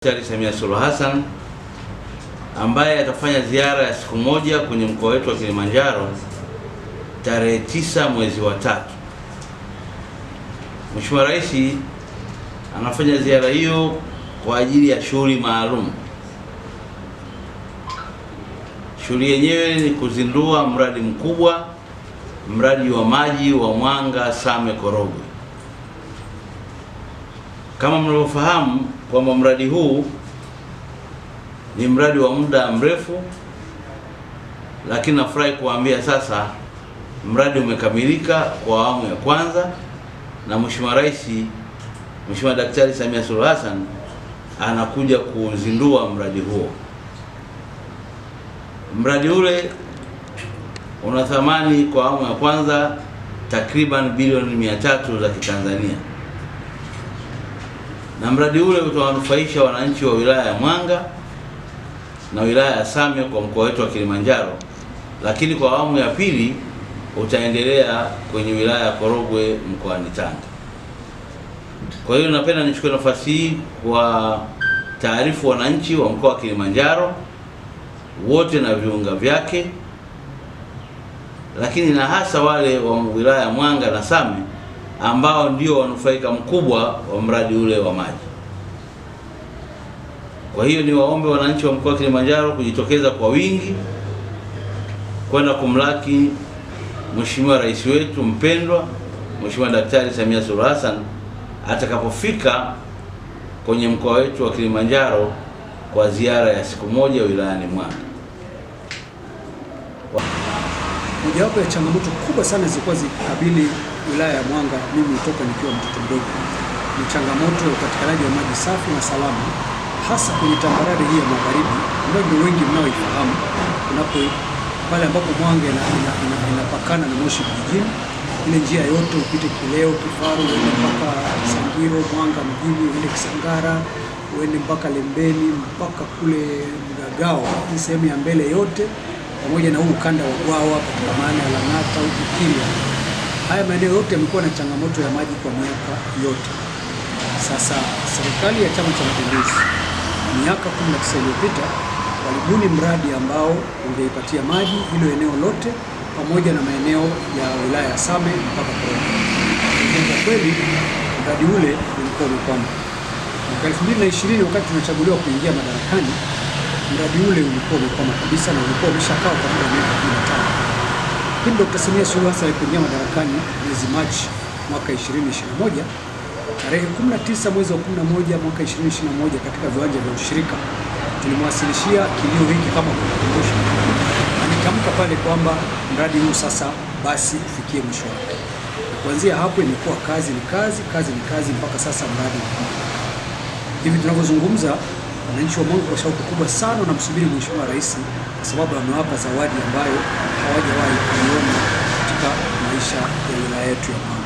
Daktari Samia Suluhu Hassan ambaye atafanya ziara ya siku moja kwenye mkoa wetu wa Kilimanjaro tarehe tisa mwezi wa tatu. Mheshimiwa Rais anafanya ziara hiyo kwa ajili ya shughuli maalum. Shughuli yenyewe ni kuzindua mradi mkubwa, mradi wa maji wa Mwanga Same Korogwe. Kama mnavyofahamu kwamba mradi huu ni mradi wa muda mrefu, lakini nafurahi kuambia sasa mradi umekamilika kwa awamu ya kwanza, na Mheshimiwa Rais, Mheshimiwa Daktari Samia Suluhu Hassan anakuja kuzindua mradi huo. Mradi ule una thamani kwa awamu ya kwanza takriban bilioni mia tatu za Kitanzania na mradi ule utawanufaisha wananchi wa wilaya ya Mwanga na wilaya ya Same kwa mkoa wetu wa Kilimanjaro, lakini kwa awamu ya pili utaendelea kwenye wilaya ya Korogwe mkoani Tanga. Kwa hiyo napenda nichukue nafasi hii kwa taarifu wananchi wa mkoa wa Kilimanjaro wote na viunga vyake, lakini na hasa wale wa wilaya ya Mwanga na Same ambao ndio wanufaika mkubwa wa mradi ule wa maji. Kwa hiyo ni waombe wananchi wa mkoa wa Kilimanjaro kujitokeza kwa wingi kwenda kumlaki Mheshimiwa Rais wetu mpendwa Mheshimiwa Daktari Samia Suluhu Hassan atakapofika kwenye mkoa wetu wa Kilimanjaro kwa ziara ya siku moja wilayani Mwanga. mojawapo ya changamoto kubwa sana zilikuwa zikabili wilaya ya Mwanga mimi nitoka nikiwa mtoto mdogo ni changamoto ya upatikanaji wa maji safi na salama, hasa kwenye tambarare hii ya magharibi ambayo ndio wengi mnaoifahamu, unapo pale ambapo Mwanga inapakana na Moshi vijijini ile njia yote upite Kileo, Kifaru, uende mpaka Sangiro, Mwanga mjini, uende Kisangara, uende mpaka Lembeni, mpaka kule Mgagao, hii sehemu ya mbele yote pamoja na huu ukanda wa gwawa kwa maana ya Lang'ata huku Kilwa, haya maeneo yote yamekuwa na changamoto ya maji kwa miaka yote. Sasa serikali ya Chama cha Mapinduzi miaka 19 iliyopita walibuni mradi ambao ungeipatia maji hilo eneo lote pamoja na maeneo ya wilaya ya Same mpaka Korogwe. Kwa kweli mradi ule ulikuwa umekwama. Mwaka 2020 wakati tunachaguliwa kuingia madarakani mradi ule ulikuwa umekwama kabisa na ulikuwa umeshakaa kwa muda wa miaka 15. Lakini Dkt. Samia Suluhu Hassan alipoingia madarakani mwezi Machi mwaka 2021, tarehe 19 mwezi wa 11 mwaka 2021, katika viwanja vya ushirika tulimwasilishia kilio hiki kama kukumbusha. Alitamka pale kwamba mradi huu sasa basi ufikie mwisho wake. Kuanzia hapo imekuwa kazi ni kazi, kazi ni kazi mpaka sasa mradi hivi tunavyozungumza wananchi wa Mungu kwa shauku kubwa sana wanamsubiri Mheshimiwa Rais kwa sababu amewapa zawadi ambayo hawajawahi kuiona katika maisha ya wilaya yetu ya Mongo.